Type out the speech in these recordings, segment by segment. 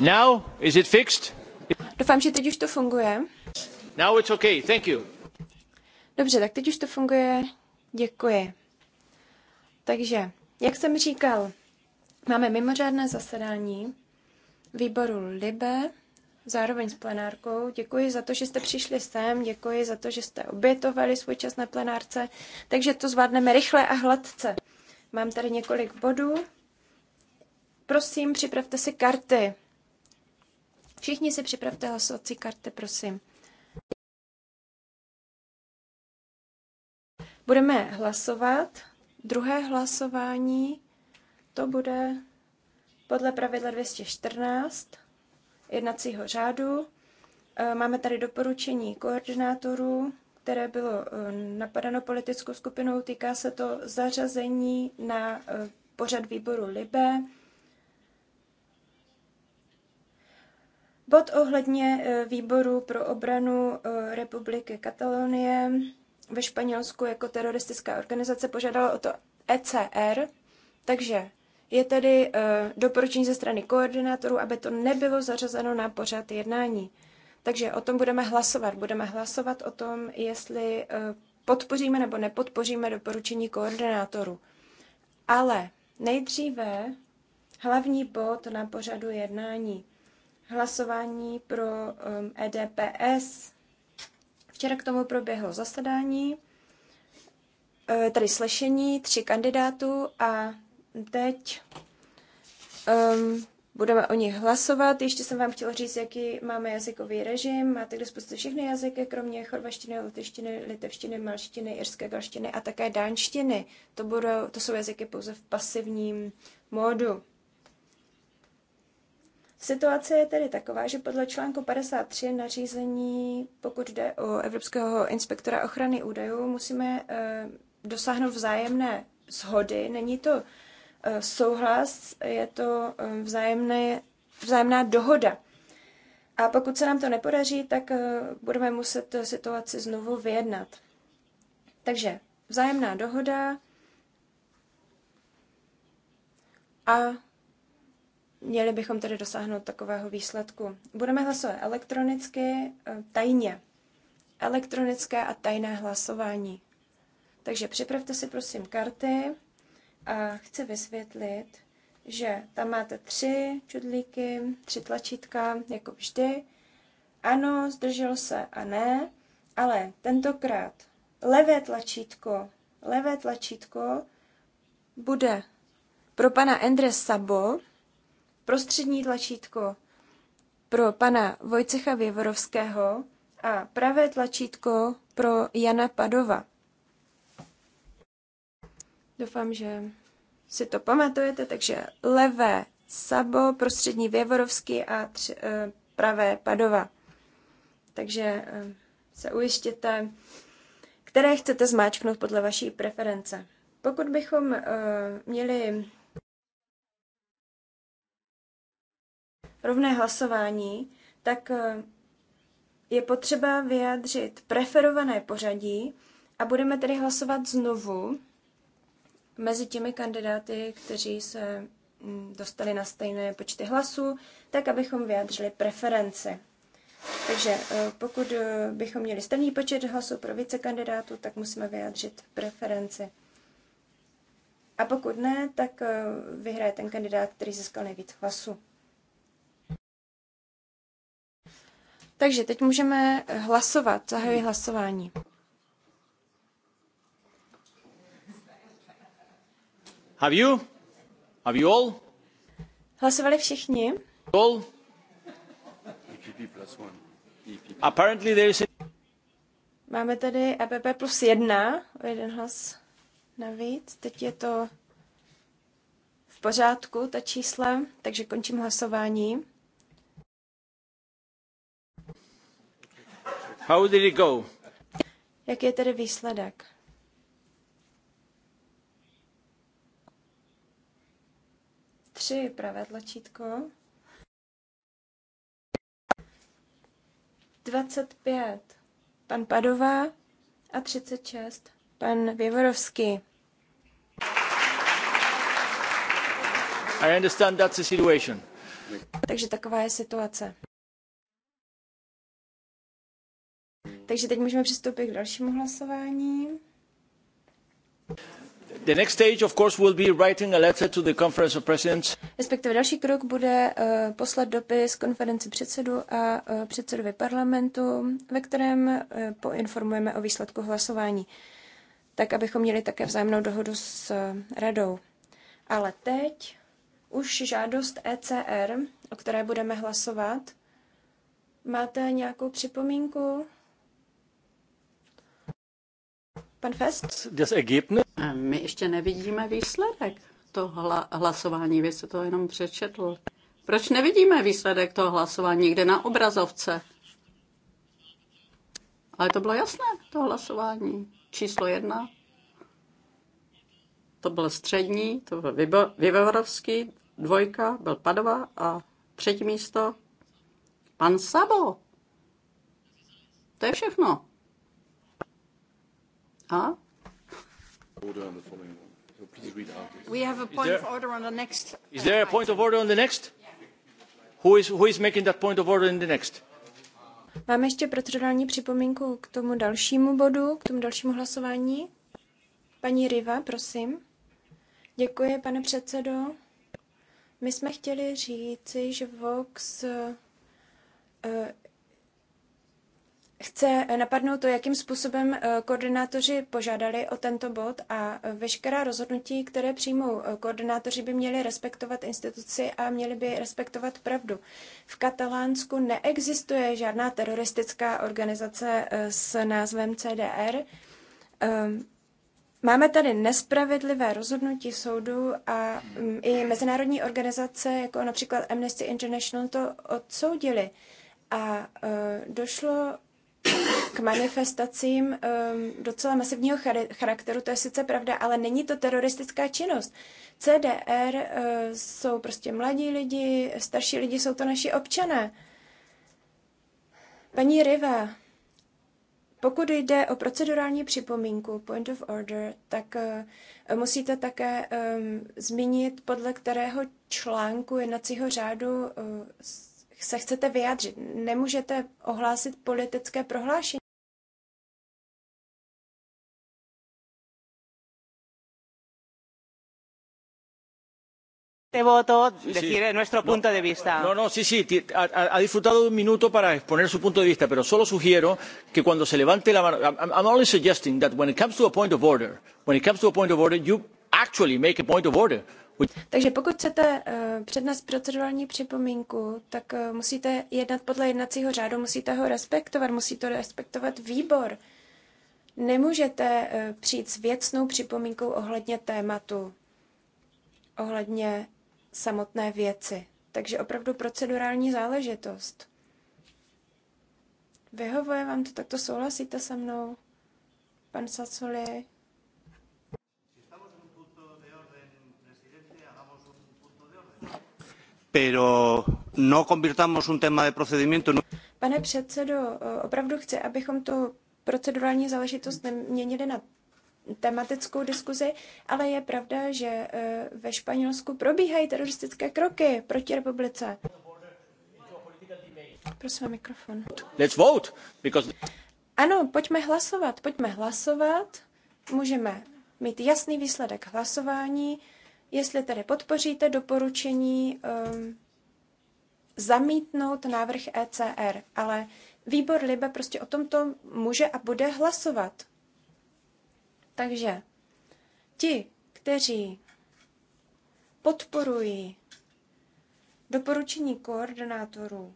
Now, is it fixed? Doufám, že teď už to funguje. Now it's okay, thank you. Dobře, tak teď už to funguje. Děkuji. Takže, jak jsem říkal, máme mimořádné zasedání výboru LIBE, zároveň s plenárkou. Děkuji za to, že jste přišli sem, děkuji za to, že jste obětovali svůj čas na plenárce, takže to zvládneme rychle a hladce. Mám tady několik bodů. Prosím, připravte si karty. Všichni si připravte hlasovací karty, prosím. Budeme hlasovat. Druhé hlasování to bude podle pravidla 214 jednacího řádu. E, máme tady doporučení koordinátorů, které bylo e, napadeno politickou skupinou. Týká se to zařazení na e, pořad výboru LIBE Bod ohledně eh, výboru pro obranu eh, Republiky Katalonie ve Španělsku jako teroristická organizace požádala o to ECR, takže je tedy eh, doporučení ze strany koordinátorů, aby to nebylo zařazeno na pořad jednání. Takže o tom budeme hlasovat. Budeme hlasovat o tom, jestli podpoříme nebo nepodpoříme doporučení koordinátorů. Ale nejdříve hlavní bod na pořadu jednání – hlasování pro um, EDPS. Včera k tomu proběhlo zasedání, e, tady slešení, tři kandidátů a teď um, budeme o nich hlasovat. Ještě jsem vám chtěla říct, jaký máme jazykový režim. Máte k dispozici všechny jazyky, kromě chorvaštiny, lotyštiny, litevštiny, malštiny, irské galštiny a také dánštiny. To, budou, to jsou jazyky pouze v pasivním módu. Situace je tedy taková, že podle článku 53 nařízení, pokud jde o Evropského inspektora ochrany údajů, musíme eh, dosáhnout vzájemné shody. Není to eh, souhlas, je to eh, vzájemné, vzájemná dohoda. A pokud se nám to nepodaří, tak budeme muset situaci znovu vyjednat. Takže vzájemná dohoda a Měli bychom tedy dosáhnout takového výsledku. Budeme hlasovat elektronicky, eh, tajně. Elektronické a tajné hlasování. Takže připravte si prosím karty a chci vysvětlit, že tam máte tři čudlíky, tři tlačítka, jako vždy. Ano, zdržel se a ne, ale tentokrát levé tlačítko, levé tlačítko bude pro pana Endre Sabo, prostřední tlačítko pro pana Vojcecha Věvorovského a pravé tlačítko pro Jana Padova. Doufám, že si to pamatujete, takže levé Sabo, prostřední Věvorovský a tři, e, pravé Padova. Takže e, se ujištěte, které chcete zmáčknout podle vaší preference. Pokud bychom e, měli rovné hlasování, tak eh, je potřeba vyjádřit preferované pořadí a budeme tedy hlasovat znovu mezi těmi kandidáty, kteří se mm, dostali na stejné počty hlasů, tak abychom vyjádřili preference. Takže eh, pokud eh, bychom měli stejný počet hlasů pro více kandidátů, tak musíme vyjádřit preference. A pokud ne, tak vyhraje ten kandidát, který získal nejvíc hlasů. Takže teď můžeme eh, hlasovat. Zahajuji hlasování. Have you? Have you all? Hlasovali všichni? All? Apparently there is a... Máme tady EPP plus jedna, o jeden hlas navíc. Teď je to v pořádku, ta čísla, takže končím hlasování. How did it go? je tedy výsledek? Tři pravé tlačítko. 25 pan Padová a 36 pan Věvorovský. I understand that's the situation. Takže taková je situace. Takže teď můžeme přistoupit k dalšímu hlasování. The next stage, of course, will be writing a letter to the Conference of Presidents. Respektive další krok bude uh, poslat dopis konferenci předsedu a uh, předsedovi parlamentu, ve kterém uh, poinformujeme o výsledku hlasování, tak abychom měli také vzájemnou dohodu s uh, radou. Ale teď už žádost ECR, o které budeme hlasovat. Máte nějakou připomínku? Pan Fest? My ještě nevidíme výsledek to hla- hlasování, vy jste to jenom přečetl. Proč nevidíme výsledek toho hlasování někde na obrazovce? Ale to bylo jasné, to hlasování. Číslo jedna. To byl střední, to byl Vybevorovský, dvojka byl Padova a třetí místo pan Sabo. To je všechno. A? We have a point of order on the next. Is there a point of order on the next? Who is, who is making that point of order in the next? Máme ještě procedurální připomínku k tomu dalšímu bodu, k tomu dalšímu hlasování. Paní Riva, prosím. Děkuji, pane předsedo. My jsme chtěli říci, že Vox eh, chce eh, napadnout to, jakým způsobem eh, koordinátoři požádali o tento bod a eh, veškerá rozhodnutí, které přijmou koordinátoři, by měli respektovat instituci a měli by respektovat pravdu. V Katalánsku neexistuje žádná teroristická organizace s názvem CDR. Ehm, máme tady nespravedlivé rozhodnutí soudu a mm, i mezinárodní organizace, jako například Amnesty International, to odsoudili. A došlo k manifestacím um, docela masivního charakteru, to je sice pravda, ale není to teroristická činnost. CDR uh, eh, jsou prostě mladí lidi, starší lidi, jsou to naši občané. Paní Riva, pokud jde o procedurální připomínku, point of order, tak uh, musíte také um, zmínit, podle kterého článku jednacího řádu uh, se chcete vyjádřit. Nemůžete ohlásit politické prohlášení. este voto decir sí, nuestro no. punto no, de vista. No, no, sí, sí, ha, ha disfrutado de un minuto para exponer su punto de vista, pero solo sugiero que cuando se levante la mano, I'm, I'm only suggesting that when it comes to a point of order, when it comes to a point of order, you actually make a point of order takže pokud chcete uh, přednést procedurální připomínku, tak uh, musíte jednat podle jednacího řádu, musíte ho respektovat, musí to respektovat výbor. Nemůžete uh, přijít s věcnou připomínkou ohledně tématu, ohledně samotné věci. Takže opravdu procedurální záležitost. Vyhovuje vám to, takto souhlasíte se mnou, pan Sacoli? No Pane předsedo, eh, opravdu chci, abychom tu procedurální záležitost neměnili na tematickou diskuzi, ale je pravda, že eh, ve Španělsku probíhají teroristické kroky proti republice. Prosím mikrofon. Let's vote, because... Ano, pojďme hlasovat, pojďme hlasovat. Můžeme mít jasný výsledek hlasování. Jestli tedy podpoříte doporučení um, zamítnout návrh ECR, ale výbor Libe prostě o tomto může a bude hlasovat. Takže ti, kteří podporují doporučení koordinátorů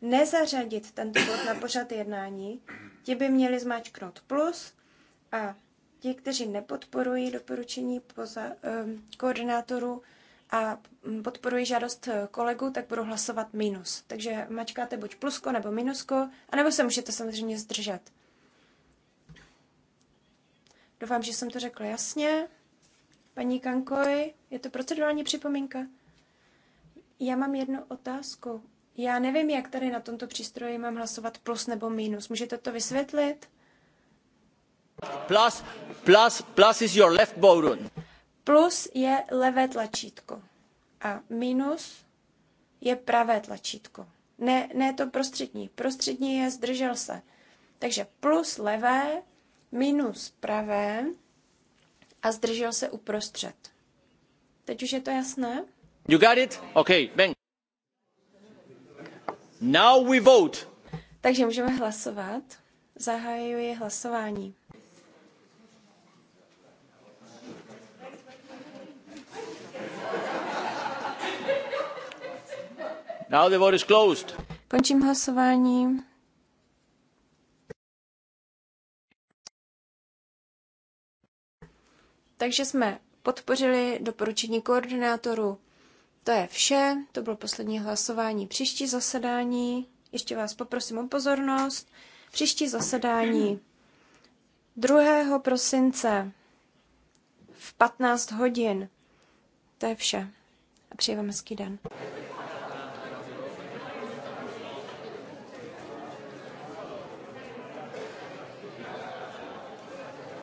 nezařadit tento bod na pořad jednání, ti by měli zmáčknout plus a ti, kteří nepodporují doporučení poza, ehm, koordinátoru a mm, podporují žádost eh, kolegu, tak budou hlasovat minus. Takže mačkáte buď plusko nebo minusko, anebo se můžete samozřejmě zdržet. Doufám, že jsem to řekla jasně. Paní Kankoj, je to procedurální připomínka? Já mám jednu otázku. Já nevím, jak tady na tomto přístroji mám hlasovat plus nebo minus. Můžete to vysvětlit? Plus, plus, plus is your left button. Plus je levé tlačítko a minus je pravé tlačítko. Ne, ne to prostřední. Prostřední je zdržel se. Takže plus levé, minus pravé a zdržel se uprostřed. Teď už je to jasné? You got it? Okay, bang. Now we vote. Takže můžeme hlasovat. Zahajuji hlasování. Now the vote is closed. Končím hlasování. Takže jsme podpořili doporučení koordinátoru. To je vše, to bylo poslední hlasování. Příští zasedání, ještě vás poprosím o pozornost, příští zasedání 2. prosince v 15 hodin. To je vše. A přeji vám hezký den.